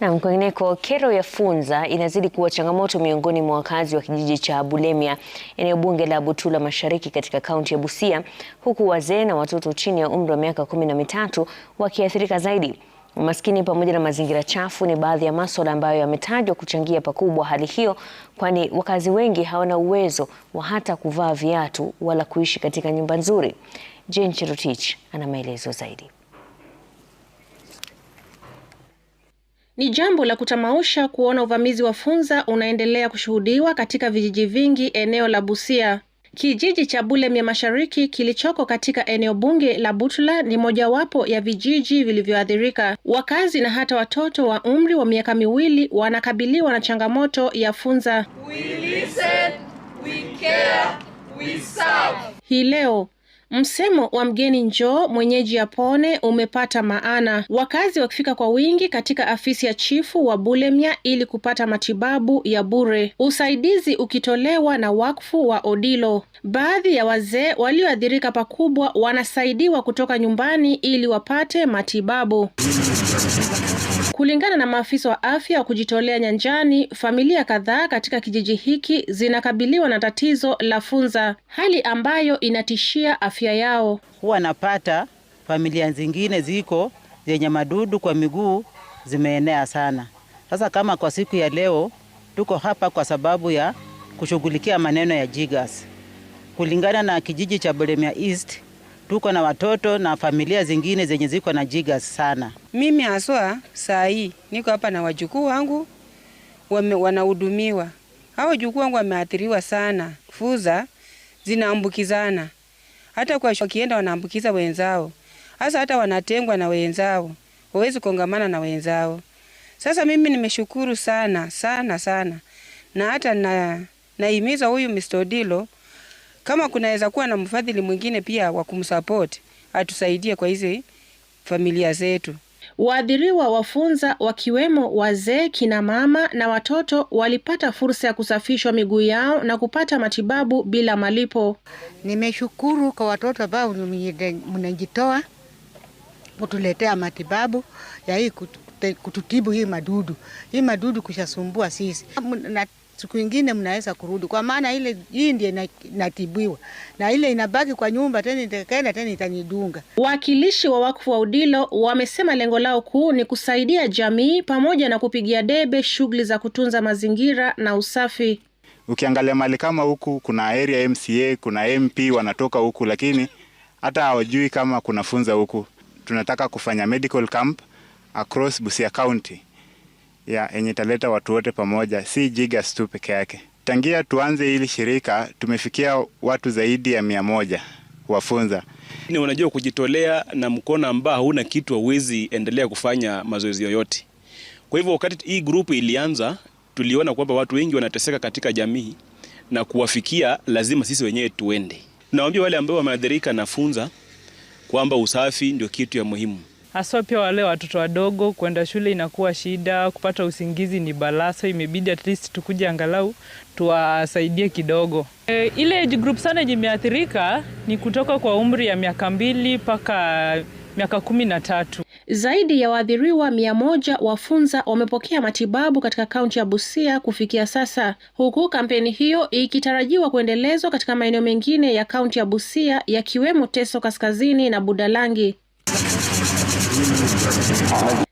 Na kwingineko, kero ya funza inazidi kuwa changamoto miongoni mwa wakazi wa kijiji cha bulemia eneo bunge la Butula Mashariki katika kaunti ya Busia, huku wazee na watoto chini ya umri wa miaka kumi na mitatu wakiathirika zaidi. Umaskini pamoja na mazingira chafu ni baadhi ya masuala ambayo yametajwa kuchangia pakubwa hali hiyo, kwani wakazi wengi hawana uwezo wa hata kuvaa viatu wala kuishi katika nyumba nzuri. Jane Cherotich ana maelezo zaidi. Ni jambo la kutamausha kuona uvamizi wa funza unaendelea kushuhudiwa katika vijiji vingi eneo la Busia. Kijiji cha Bulemya Mashariki kilichoko katika eneo bunge la Butula ni mojawapo ya vijiji vilivyoathirika. Wakazi na hata watoto wa umri wa miaka miwili wanakabiliwa na changamoto ya funza. We listen, we care, we serve. Hii leo Msemo wa mgeni njoo mwenyeji apone umepata maana, wakazi wakifika kwa wingi katika afisi ya chifu wa Bulemya ili kupata matibabu ya bure, usaidizi ukitolewa na wakfu wa Odilo. Baadhi ya wazee walioathirika pakubwa wanasaidiwa kutoka nyumbani ili wapate matibabu Kulingana na maafisa wa afya wa kujitolea nyanjani, familia kadhaa katika kijiji hiki zinakabiliwa na tatizo la funza, hali ambayo inatishia afya yao. Huwa napata familia zingine ziko zenye madudu kwa miguu zimeenea sana. Sasa kama kwa siku ya leo tuko hapa kwa sababu ya kushughulikia maneno ya jigas. Kulingana na kijiji cha Bulemia East tuko na watoto na familia zingine zenye ziko na jiga sana. Mimi haswa saa hii niko hapa na wajukuu wangu wanahudumiwa. Hao wajukuu wangu wameathiriwa sana, fuza zinaambukizana, hata kwa wakienda wanaambukiza wenzao, hasa hata wanatengwa na wenzao, wawezi kongamana na wenzao. Sasa mimi nimeshukuru sana sana sana, na hata na naimiza huyu Mr. Odilo kama kunaweza kuwa na mfadhili mwingine pia wa kumsupport atusaidie kwa hizi familia zetu. Waadhiriwa wafunza wakiwemo wazee, kina mama na watoto walipata fursa ya kusafishwa miguu yao na kupata matibabu bila malipo. Nimeshukuru kwa watoto ambao mnajitoa kutuletea matibabu ya hii kututibu hii madudu. Hii madudu kushasumbua sisi siku ingine mnaweza kurudi, kwa maana ile hii ndiye inatibiwa na ile inabaki kwa nyumba tena itakaenda tena itanidunga. Wawakilishi wa wakfu wa Udilo wamesema lengo lao kuu ni kusaidia jamii pamoja na kupigia debe shughuli za kutunza mazingira na usafi. Ukiangalia mali kama huku, kuna area MCA, kuna MP wanatoka huku, lakini hata hawajui kama kuna funza huku. Tunataka kufanya medical camp across Busia County ya yenye italeta watu wote pamoja, si Jigas tu peke yake. Tangia tuanze hili shirika tumefikia watu zaidi ya mia moja wafunza ni unajua kujitolea na mkono ambao hauna kitu hauwezi endelea kufanya mazoezi yoyote. Kwa hivyo wakati hii grupu ilianza, tuliona kwamba watu wengi wanateseka katika jamii na kuwafikia, lazima sisi wenyewe tuende. Nawaambia wale ambao wameathirika na funza kwamba usafi ndio kitu ya muhimu haswa pia wale watoto wadogo, kwenda shule inakuwa shida, kupata usingizi ni balaa. So imebidi at least tukuje angalau tuwasaidie kidogo. E, ile age group sana yenye imeathirika ni kutoka kwa umri ya miaka mbili mpaka miaka kumi na tatu. Zaidi ya waathiriwa mia moja wafunza wamepokea matibabu katika kaunti ya Busia kufikia sasa, huku kampeni hiyo ikitarajiwa kuendelezwa katika maeneo mengine ya kaunti ya Busia yakiwemo Teso Kaskazini na Budalangi.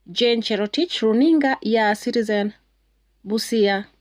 Jane Cherotich, runinga ya Citizen Busia.